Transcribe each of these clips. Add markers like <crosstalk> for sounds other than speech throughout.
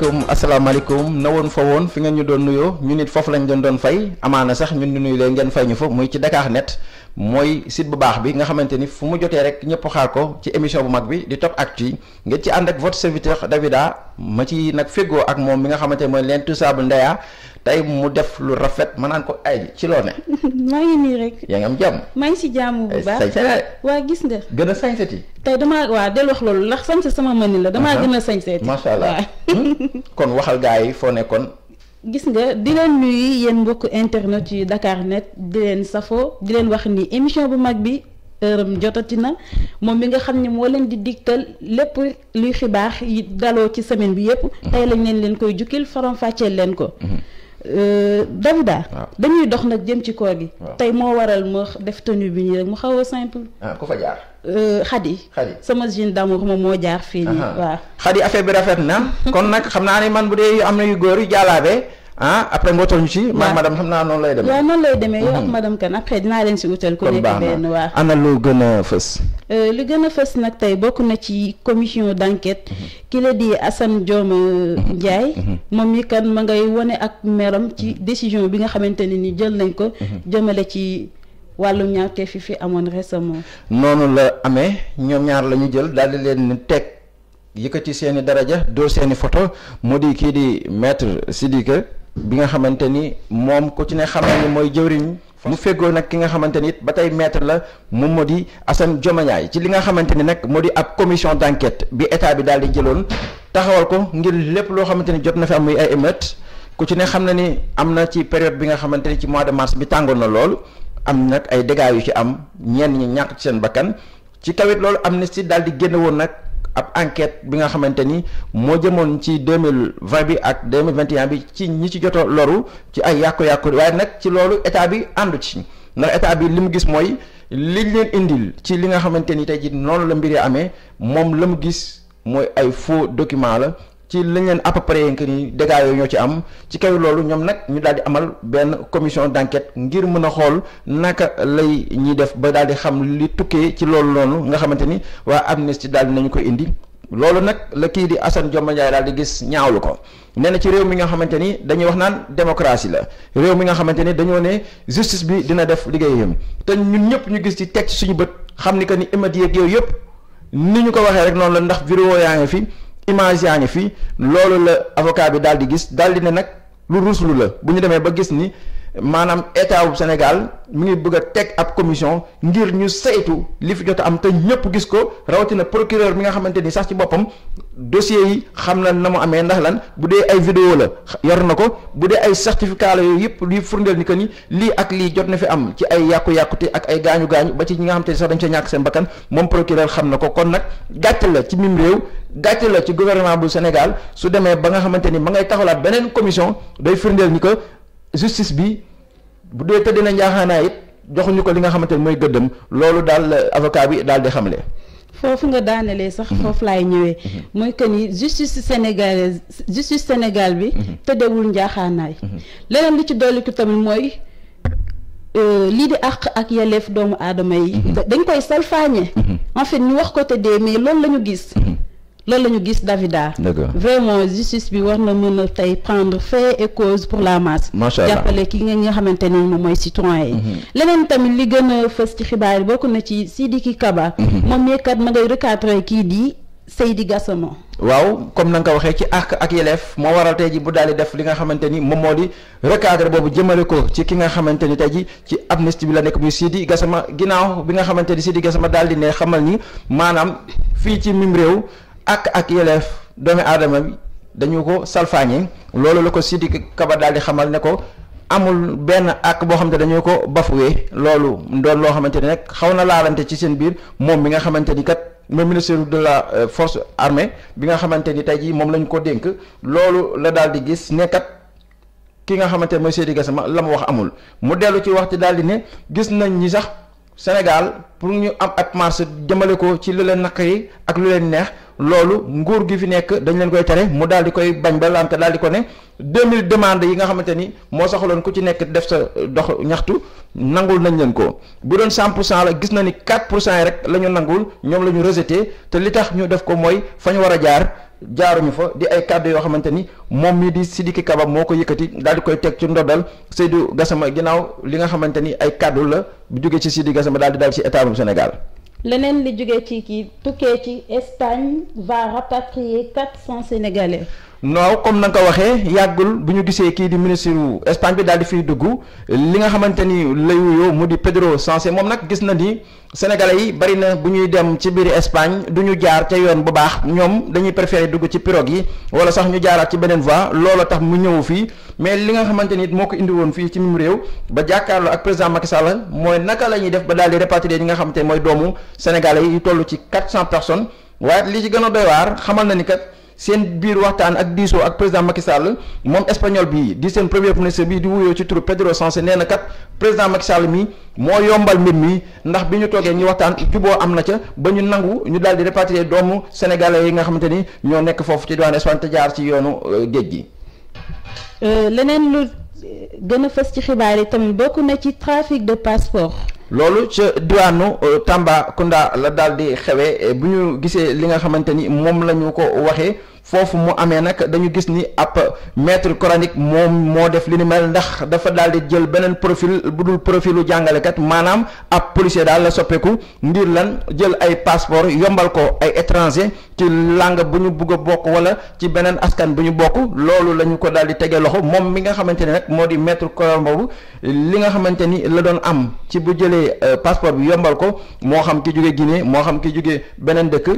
asalaamaaleykum asalaamaaleykum na woon fa woon fi ngeen ñu doon nuyoo ñu nit foofu lañ doon doon fay amaana sax ñun ñu nuyu leen ngeen fay ñu fa muy ci Dakar Net mooy sit bu baax bi nga xamante ni fu mu jotee rek ñëpp xaar ko ci émission bu mag bi di Top Actu yi ngeen ci ànd ak votre serviteur Davida ma ci nag fégoo ak moom mi nga xamante ni mooy leen Tousabe Ndeya tey mu def lu rafet ma naan ko ay ci loo ne. <laughs> maa ngi nii rek. yaa ngi am jàmm. maa ngi si jàmm bu baax waa gis nga. gën a yi tey dama waa del wax loolu ndax sañse sama man mën la damaa uh-huh. gën a sañseti. macha allah <laughs> hmm? kon waxal gaa yi foo nekkoon. gis nga di leen nuyu yéen mbokk internet yu Dakar Net di leen safoo di leen wax ni émission bu mag bi. ërëm jotati na moom mi nga xam ne moo leen di digtal lépp luy xibaar yi daloo ci semaine bi yépp uh-huh. tey lañ leen leen koy jukkil faram fàcceel leen ko uh-huh. Euh, Daouda. dañuy dox nag jëm ci koor gi. tey moo waral ma def tenue bi nii rek mu xaw a simple. ah ku fa jaar. Xadi. Euh, Xadi sama jean d'amour moom moo jaar fii nii. waaw Xadi affaire bi rafet na. <laughs> kon nag xam naa ne man bu dee am na yu góor yu jàllaabe. ah après nga wutal ñu ci. waaw xam naa noonu lay demee. waaw noonu lay demee yow ak mhm. madame Kane après dinaa leen si wutal. ku nekk benn waaw ana lu gën a fës. Euh, lu gën a fës nag tey bokk na ci commission d' enquête. Mhm. ki la di Assane Diome euh, mhm. Ndiaye. moom mi kan ma ngay wane ak meram ci décision bi nga xamante ne ni jël nañ ko. jëmale ci. wàllu ñaaw te fii fi amoon récemment. noonu la amee ñoom ñaar la ñu jël daal di leen teg yëkkati seen i daraja dóor seen i photo mu di kii di maître Sidiki bi nga xamante ni moom ku ci ne xam na ni mooy jëwriñ mu feggoo nag ki nga xamante ni ba tey maître la moom moo di Assane Diomaye ci li nga xamante ni nag moo di ab commission d'enquête bi état bi daal di jëloon taxawal ko ngir lépp loo xamante ni jot na fi am muy ay émeutes ku ci ne xam na ni am na ci période bi nga xamante ni ci mois de mars bi tàngoon na lool am nag ay dégâts yu ci am ñenn ñi ñàkk ci seen bakkan ci kawit loolu amnistie daal di génn woon nag. ab enquête bi nga xamante ni moo jëmoon ci deux mille bi ak deux mille vingt un bi ci ñi ci joto loru ci ay yàqu-yàqu waaye nag ci loolu état bi àndu ci ndax état bi li mu gis mooy liñ leen indil ci li nga xamante ni tey ji noonu la mbir amee moom la mu gis mooy ay faux document la ci lañ leen à peu près que ni dégâts yooyu ñoo ci am ci kaw loolu ñoom nag ñu daal amal benn commission d'enquête ngir mën a xool naka lay ñuy def ba daal di xam li tukkee ci loolu noonu nga xamante ni waa Amnesty daal di nañu ko indi. loolu nag la kii di Assane Dioma Ndiaye daal di gis ñaawlu ko nee na ci réew mi nga xamante ni dañuy wax naan démocratie la réew mi nga xamante ni dañoo ne justice bi dina def liggéeyam te ñun ñëpp ñu gis ci teg suñu bët xam ni que ni immédiat yooyu yëpp ni ñu ko waxee rek noonu la ndax vidéo yaa ngi fi. image yaa ngi fii loolu la avocat bi daal di gis daal di ne nag lu ruslu la bu ñu demee ba gis ni maanaam état wu Sénégal mu ngi bëgg a teg ab commission ngir ñu saytu li fi jot am te ñëpp gis ko rawatina procureur mi nga xamante ni sax ci boppam dossiers yi xam na na mu amee ndax lan bu dee ay vidéo la yor na ko bu dee ay certificat la yooyu yëpp luy furndeel ni que ni lii ak lii jot na fi am ci ay yàqu-yàqute ak ay gaañu gaañu ba ci ñi nga xamante ni sax dañ sa ñàkk seen bakkan moom procureur xam na ko kon nag gàcce la ci mim réew gàcce la ci gouvernement bu Sénégal su demee ba nga xamante ni ma ngay taxawlaat beneen commission day furndeel ni que. justice bi bu dee tëdd na njaaxaanaa it joxuñu ko li nga xamante ne mooy gëddëm loolu daal avocat bi daal di xamle. foofu nga daanelee sax mhm. foofu laay ñëwee mhm. mooy que ni justice sénégalaise justice sénégal bi mhm. tëddewul njaaxaanaay leneen li ci dolli ko tamit mooy euh, lii di àq ak yelleef doomu aadama yi dañ koy salfaañe en fait ñu wax ko tëddee mais loolu lañu gis loolu la ñu gis Davida. vraiment justice bi war na mën a tey prendre fait et cause pour la masse. macha allah jàppale ki nga xamante ni moom mooy citoyen yi. Mm-hmm. leneen tamit li gën a fës ci xibaar yi bokk na ci Sidiki Kaba. Mm-hmm. moom yeekat ma ngay recadrer kii di Seydi Gassama. waaw comme na nga ko waxee ci àq ak yeleef moo waral tey ji bu daal di def li nga xamante ni moom moo di recadre boobu jëmale ko ci ki nga xamante ni tey ji ci amnistie bi la nekk muy Sidi Gassama ginnaaw bi nga xamante ni Sidi Gassama daal di ne xamal ni maanaam fii ci mim réew. ak ak yeleef doome aadama bi dañu ko salfaañe loolu la ko Sidiki Kaba daal di xamal ne ko amul benn ak boo xamante dañu ko bafuwee loolu doon loo xamante ne nag xaw na laalante ci seen biir moom mi nga xamante ni kat moom ministère de la euh, force armée bi nga xamante ni tey jii moom lañ ko dénk loolu la daal di gis ne kat ki nga xamante ne mooy Seydi Gassama la mu wax amul mu dellu ci wax ci daal di ne gis nañ ñi sax Sénégal pour ñu am ab marche jëmale ko ci lu leen yi ak lu leen neex. loolu nguur gi fi nekk dañ leen koy tere mu daal di koy bañ ba lamte daal di ko ne 2000 demandes yi nga xamante ni moo soxaloon ku ci nekk def sa dox ñaxtu nangul nañ leen ko bu doon 100 pour cent la gis na ni 4 pour cent yi rek la ñu nangul ñoom la ñu te li tax ñu def ko mooy fa ñu war a jaar jaaruñu fa di ay kàddu yoo xamante ni moom mii di Sidiki Kaba moo ko yëkkati dal di koy teg ci ndoddal Seydou Gassama ginnaaw li nga xamante ni ay kàddu la bu jógee ci Sidi Gassama daal di daal ci état bu leneen li jógee ci kii tukkee ci Espagne va rapatrier quatre cents Sénégalais non comme na nga ko waxee yàggul bu ñu gisee kii di ministre wu Espagne bi daal di fiy dugg li nga xamante ni lay wuyoo mu di Pedro Sanchez moom nag gis na ni sénégalais yi bari na bu ñuy dem ci biir Espagne du ñu jaar ca yoon bu baax ñoom dañuy préféré dugg ci pirogue yi wala sax ñu jaaraat ci beneen voie looloo tax mu ñëw fii mais li nga xamante ni moo ko indi woon fii ci mim réew ba jàkkaarloo ak président Macky Sall mooy naka la ñuy def ba daal di répatrier ñi nga xamante ni mooy doomu sénégalais yi toll ci quatre cent personnes waaye li ci gën a doy waar xamal na ni kat. seen biir waxtaan ak diisoo ak président Macky Sall moom espagnol bi di seen premier ministre bi di wuyoo ci turu Pedro Sánchez nee na kat président Macky Sall mi moo yombal mbir mi ndax bi ñu toogee ñu waxtaan juboo am na ca ba ñu nangu ñu daal di répatrier doomu sénégalais yi nga xamante ni ñoo nekk foofu ci doon Espagne te jaar ci yoonu euh, géej gi. Euh, leneen lu gën a fës ci xibaar yi tamit bokk na ci trafic de passeport. loolu ca diwaanu euh, Tambacounda la daal di xewee eh, bu ñu gisee li nga xamante ni moom la ñu ko waxee foofu mu amee nag dañu gis ni ab maître coranique moom moo def li ni mel ndax dafa daal di jël beneen profil bu dul profilu jàngalekat maanaam ab policier daal la soppeeku ngir lan jël ay passeport yombal ko ay étranger ci langue bu ñu bugg a bokk wala ci beneen askan bu ñu bokk loolu la ko daal di tegee loxo moom mi nga xamante ne nag moo di maître coran boobu li nga xamante ni la doon am ci bu jëlee euh, passeport bi yombal ko moo xam ki jóge Guinée moo xam ki jóge beneen dëkk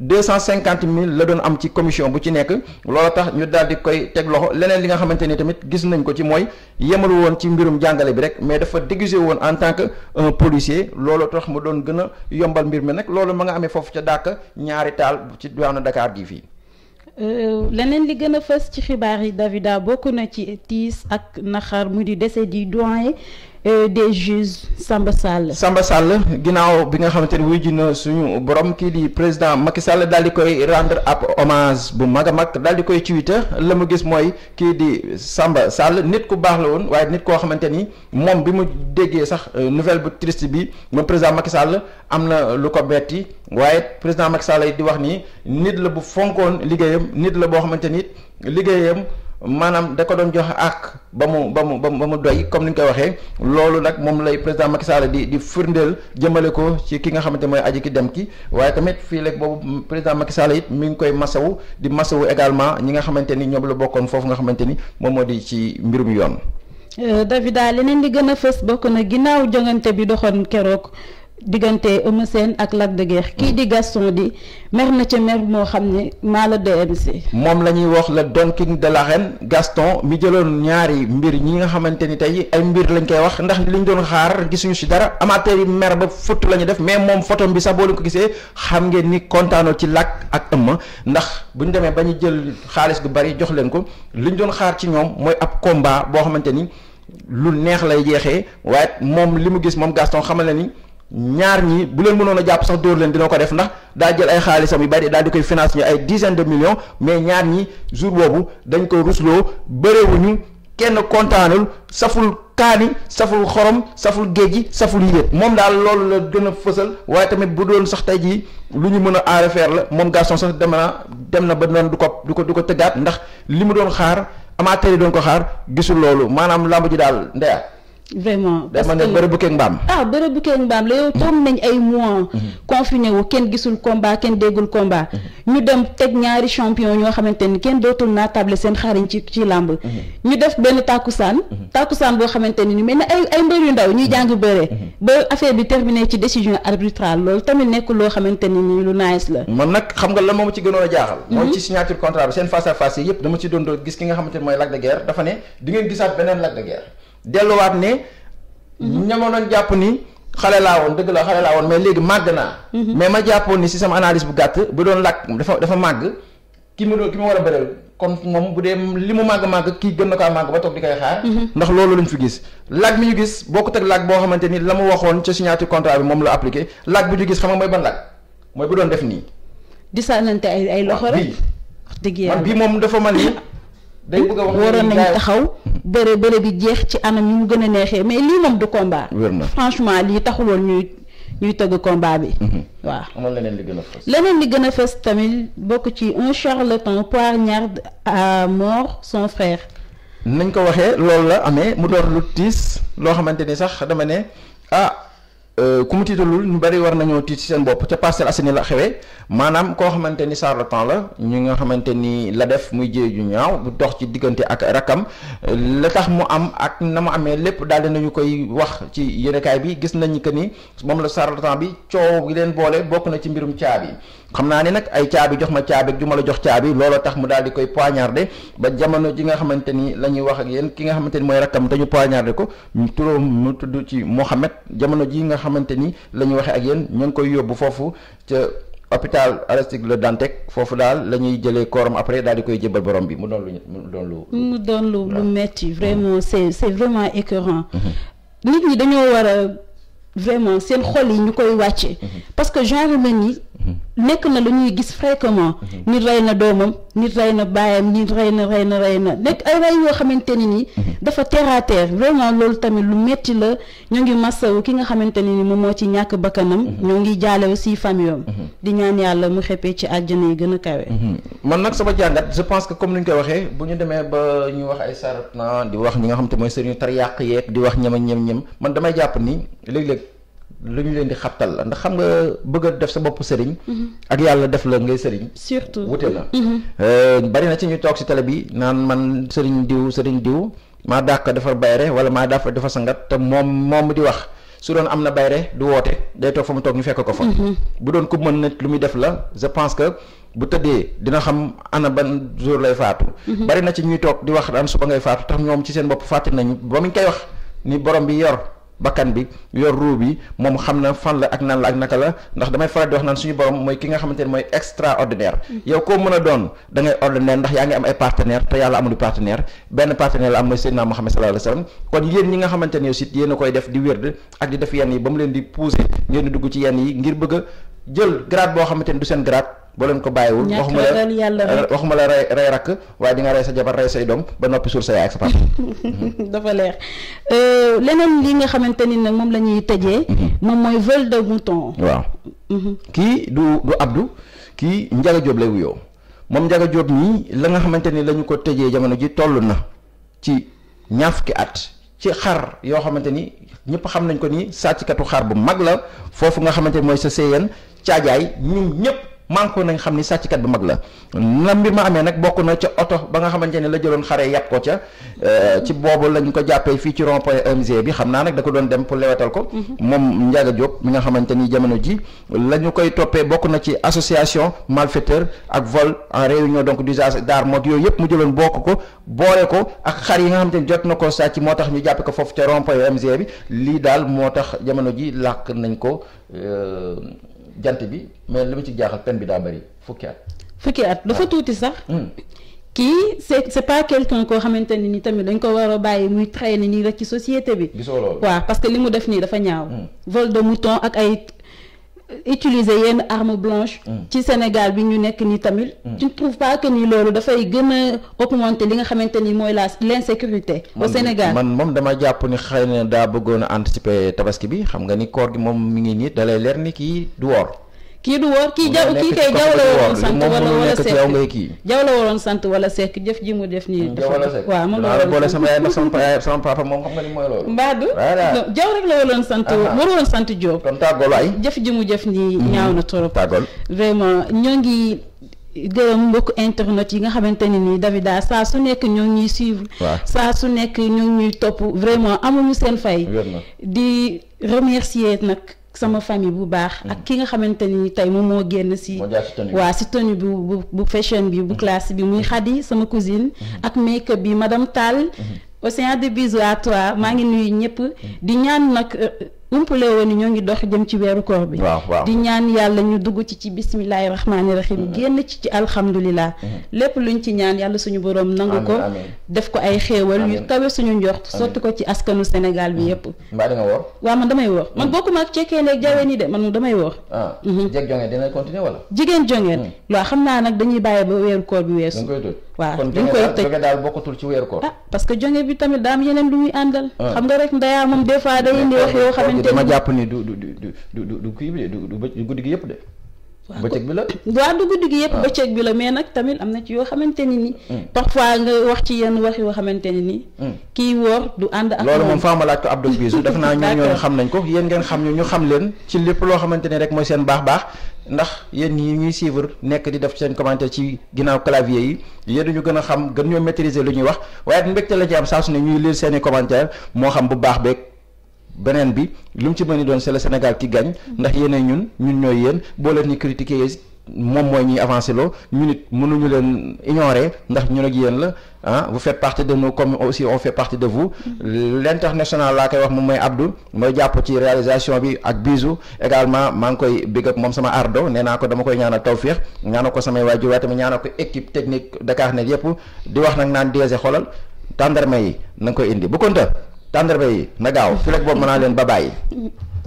deux cent cinquante mille la doon am ci commission bu ci nekk loola tax ñu daal di koy teg loxo leneen li nga xamante ni tamit gis nañ ko ci mooy yemalu woon ci mbirum jàngale bi rek mais dafa déguisé woon en tant que un policier loolu tax mu doon gën a yombal mbir mi nag loolu ma nga amee foofu ca dàkk ñaari taal ci diwaanu Dakar gii fii. Euh, leneen li gën a fës ci xibaar yi Davida bokk na ci tiis ak naxar mu di décès di doyen. Euh, des juges Samba Sall. Samba Sall ginnaaw bi nga xamante ni wuy ji suñu borom kii di président Macky Sall daal di koy rendre ab hommage bu mag a mag daal di koy Twitter la mu gis mooy kii di Samba Sall nit ku baax la woon waaye nit koo xamante ni moom bi mu déggee sax euh, nouvelle bu triste bi moom président Macky Sall am na lu ko metti waaye président Macky Sall di wax nii nit la bu fonkoon liggéeyam nit la boo xamante ni liggéeyam. maanaam da ko doon jox àq ba mu ba mu ba mu doy comme ni ñu koy waxee loolu nag moom lay président Macky Sall di di firndeel jëmale ko ci ki nga xamante mooy aji ki dem ki waaye tamit fii léegi boobu président Macky Sall it mi ngi koy masawu di masawu également ñi nga xamante ni ñoom la bokkoon foofu nga xamante ni moom moo di ci mbirum yoon. Euh, Davida leneen li gën a fës bokk na ginnaaw jongante bi doxoon keroog. diggante Eumeu Sène ak Lac de Guiers kii di Gaston di mer na ca mer moo xam ne maa la DMC. moom la ñuy wax la Don King Gaston mi jëloon ñaari mbir ñi nga xamante ni tey ay mbir lañ koy wax ndax liñ doon xaar gisuñu si dara amateur yi mer ba futt la def mais moom photo bi sax boo leen ko gisee xam ngeen ni kontaanoo ci Lac ak Eumeu ndax bu ñu demee ba ñu jël xaalis gu bari jox leen ko li ñu doon xaar ci ñoom mooy ab combat boo xamante ni lu neex lay jeexee waaye moom li mu gis moom Gaston xamal na ni. ñaar ñi bu leen mënoon a jàpp sax dóor leen dina ko def ndax daa jël ay xaalisam yu bari daal di koy finance ñu ay dizaine de millions mais ñaar ñi jour boobu dañ ko rusloo bëreewuñu kenn kontaanul saful kaani saful xorom saful géej gi saful yéet moom daal loolu la gën a fësal waaye tamit bu doon sax tey jii lu ñu mën a aare faire la moom Gaston sax dem na dem na ba noonu du ko du ko du ko tëggaat ndax li mu doon xaar amateur yi doon ko xaar gisul loolu maanaam làmb ji daal ndeya vraiment parce que dama ne bërëb bu keeg mbaam. ah bërëb bu keeg mbaam la yow toog nañ ay mois. Mm-hmm. confiné wu kenn gisul combat kenn déggul combat. Mm-hmm. ñu dem teg ñaari champion ñoo xamante ni kenn dootul naa table seen xariñ ci ci làmb. Mm-hmm. ñu def benn tàkkusaan tàkkusaan boo xamante ni mel na ay ay mbër yu ndaw ñuy jàng bëre. ba affaire bi terminé ci décision arbitrale loolu tamit nekk loo xamante ni nii lu nice la. man nag xam nga la moom ci gënoon a jaaxal. mooy ci signature contrat yëpp dama ci doon gis ki nga xamante mooy Lac dafa ne di ngeen gisaat beneen delluwaat ne. Mhm. ñamoon nañ jàpp ni xale laa woon dëgg la xale laa woon mais léegi màgg naa. Mhm. mais ma jàppoon ni si sama analise bu gàtt bu doon làkk dafa dafa màgg ki mu doon ki mu war a bëreel kon moom bu dee li mu màgg màgg kii gën na kaa màgg ba toog di koy xaar. Mhm. ndax loolu lañ fi gis. làkk bi ñu gis boo bokkut ak làkk boo xamante ni la mu waxoon ca signature contrat bi moom la appliqué làkk bu ñu gis xam nga mooy ban làkk mooy bu doon def nii. di sànnante ay ay loxo rek. dëgg bii moom dafa mel ni day bëgg a wax waroon nañ taxaw bëre bëre bi jeex ci anam ñu mu gën a neexee mais lii moom du combat. franchement lii taxuloon ñuy ñuy tëgg combat bi. Mhm. waaw amoon leneen li gën a fës. leneen li gën a fës tamit bokk ci un charlatan poignarde à mort son frère. nañ ko waxee loolu la amee mu doon lu tiis loo xamante ni sax dama ne ah. Euh, ku mu tiitalul ñu bëri war nañoo tiit ci seen bopp ca Parcelles Assainies la xewee maanaam koo xamante ni charlatan la ñu nga xamante ni la def muy jéey ju ñaaw bu dox ci diggante ak rakam euh, la tax mu am ak na mu amee lépp daal nañu koy wax ci yéenekaay bi gis nañ que ni moom la charlatan bi coow gi leen boole bokk na ci mbirum caabi xam naa ne nag ay caabi jox ma caabi ju ma la jox caabi looloo tax mu daal di koy poignardé ba jamono ji nga xamante ni la ñuy wax ak yéen ki nga xamante ni mooy rakkam dañu poignardé ji nga xamante ni la ñuy waxee ak yéen ñu ngi koy yóbbu foofu ca hôpital Aristide Le Dantec foofu daal la ñuy jëlee kooram après daal di koy jëbal borom bi mu doon lu mu doon lu. mu doon lu lu metti vraiment mm-hmm. c'est vraiment écœurant. Mm-hmm. nit ñi dañoo war a vraiment seen xol yi ñu koy wàcce parce que genre mel ni nekk na lu ñuy gis fréquemment nit rey na doomam nit rey na baayam nit rey na rey na rey na nekk ay rey yoo xamante ni nii dafa terre à terre vraiment loolu tamit lu metti la ñoo ngi massawu ki nga xamante ni ni moom moo ci ñàkk bakkanam ñoo ngi jaale aussi famille am di ñaan yàlla mu xeppee ci àjjana yi gën a kawe. Mhm. man nag sama jàngat je pense que comme ni ñu koy waxee bu ñu demee ba ñu wax ay saratna di wax ñi nga xam te mooy sëriñu tar yàq yeeg di wax ñema ñem ñem man damay jàpp ni léeg-léeg lu ñu leen di xabtal la ndax xam nga bëgg a def sa bopp sëriñ. Mhm. ak yàlla def la ngay sëriñ. surtout wute la. Mhm. Euh, bari na ci ñu toog si télé bi naan man sëriñ diw sëriñ diw maa dàq defar bayre wala maa dàq defar sangat te moom su doon am na bayre du woote day toog fa mu toog ñu fekk ko fa. Mhm. bu doon ku mën nit lu muy def la je pense que bu tëddee dina xam ana ban jour lay faatu. Mhm. bari na ci ñuy toog di wax daan suba ngay faatu tax ñoom ci seen bopp fàtte nañu ba mu koy wax ni borom bi yor. bakkan bi yor ruu bi moom xam na fan la ak nan la ak naka la ndax damay faral di wax naan suñu borom mooy ki nga xamante ne mooy extraordinaire mm-hmm. yow koo mën a doon da ngay ordinaire ndax yaa ngi am ay partenaire te yàlla amul partenaire benn partenaire la am mooy Seydina Muhammad sallallahu alayhi wasallam kon yéen nga xamante ne aussi yéen koy def di wérd ak di def yenn yi ba mu leen di pousser ngeen di dugg ci yenn yi ngir bëgg jël grade boo xamante ne du seen grade boo leen ko bàyyiwul waxuma la euh, waxuma la rey rey rakk waaye di nga rey sa jabar rey say doom ba noppi suul sa yaay ak sa papa <laughs> dafa leer euh, leneen li nga xamante ni nag moom la ñuy tëjee mhm. moom mooy vol de mouton waaw mhm. kii du du Abdou kii Njaga Jóob lay wuyoo moom Njaga Jóob nii la nga xamante ni la ko tëjee jamono ji toll na ci ñaar fukki at ci xar yoo xamante ni ñëpp xam nañ ko ni sàcckatu xar bu mag la foofu nga xamante ni mooy sa séyeen caajaay ñun ñëpp manque nañ xam ni sàcckat bu mag la na mbir ma amee nag bokk na ca oto ba nga xamante ne la jëloon xare yàpp ko ca euh, ci boobu lañ ko jàppee fii ci rond point e MG bi xam naa nag da ko doon dem pour lewetal ko mhm. moom Ndiaga Diop nga xamante ni jamono ji la ñu koy toppee bokk na ci association malfaiteur ak vol en réunion donc d'usage d'armes yooyu yëpp mu jëloon bokk ko boole ko xar yi nga xamante ni jot na ko sàcc moo tax ñu jàppe ko foofu ca rond e lii daal moo tax jamono ji làkk nañ ko euh, jant bi mais li ma ci jaaxal peine bi daa bëri fukki at. fukki at dafa tuuti sax. Hmm. kii c'est c'est pas quelqu'un koo xamante ne ni tamit dañ ko war a bàyyi muy traîner nii rek ci société bi. gisoo loolu waaw parce que li mu def nii dafa ñaaw. Hmm. vol ak ay. utiliser yenn arme blanche mm. ci Sénégal bi ñu nekk nii tamit mm. tu ne trouves pas loolu dafay gën a augmenter li nga xamante ni mooy la sécurité au Sénégal man moom dama jàpp ni xëy na daa bëggoon a anticiper tabaski bi xam nga ni koor gi moom mi ngi nii dalay leer ni kii du woor kii du woor kii jaw kii kay jaw la waroon sant wala sekk sant wala sekk jëf ji mu def nii mm, waaw moom la boole sama yaay sama papa moom xam nga sant war sant Diop kon tàggool ay jëf ji mu def nii mm-hmm. ñaaw na trop tàggool vraiment ñoo ngi gërëm mbokk internet yi nga xamante ni nii Davida saa su nekk ñoo ngi ñuy suivre saa su nekk ñoo ngi topp vraiment amuñu seen fay di remercier nag sama famille bu baax. Mm. ak ki nga xamante ni tey moom moo génn si. waa si tenue bi bu bu fashion bi bu mm. classe bi muy xadi mm. sama cousine. ak bi ma bi madame Tall. Océan de bisous à maa ngi nuyu ñëpp di ñaan nag. Euh, umpale woon ni ñoo ngi dox jëm ci weeru koor bi di ñaan yàlla ñu dugg ci ci bismillahi rahmaani rahim mm-hmm. génn ci ci alhamdulilah mm-hmm. lépp lu luñ ci ñaan yàlla suñu boroom nangu ko def ko ay xéewal tawe kawe suñu njort sotti ko ci askanu Sénégal bi mm-hmm. yépp mbaa da nga woor man damay woor man bokkuma ak cekee leeg jaween nii de man damay woor ah. jeg jongeen dina continuer wala jigéen jongeen loo mm. xam naa nag dañuy bàyyi ba weeru koor bi weesu waaw li ñu koy tëj kon daal bokkatul ci weer koor. ah parce que jonge bi tamit daa am yeneen lu muy àndal. Ah. xam nga rek ndayaa moom de fois day indi wax yoo xamante ni jàpp du du du du du du kii bi du guddi gi yëpp de. bëccëg bi la waaw du guddi yëpp ah. bëccëg bi la mais nag tamit am na ci yoo xamante ni ni hmm. parfois nga wax ci yenn yoo xamante ni ni hmm. kii woor du ànd ak loolu moom faa ma laaj def naa <laughs> ñoo ñoon xam nañ ko yéen ngeen xam ñu ñu xam leen ci lépp loo xamante ni rek mooy seen baax baax ndax yéen ñi ñuy suivre nekk di def seen commentaire ci ginnaaw clavier yi yéen ñu gën a xam gën ñoo maîtriser lu ñuy wax waaye mbégte la ci am saa su ne ñuy lire seen commentaire moo xam bu baax beeg beneen bi lu mu ci mën a doon c'est Sénégal qui gagne ndax yéen ñun ñun ñooy yéen boo leen ñu critiquer moom mooy ñuy avancé loo ñu nit mënuñu leen ignorer ndax ñu ak yéen la ah bu faites partie de nous comme aussi on fait partie de vous mm-hmm. l' international laa koy wax moom mooy Abdou mooy jàpp ci réalisation bi ak Bisou également maa ngi koy big up moom sama ardo nee naa ko dama koy ñaanal tawféex ñaana ko samay waajur waaye tamit ñaanal ko équipe technique Dakarnet yëpp di wax nag naan DG e xoolal tàndarma yi nanga koy indi bu konta tàndarma yi na gaaw fi rek boobu naa leen ba bàyyi <laughs>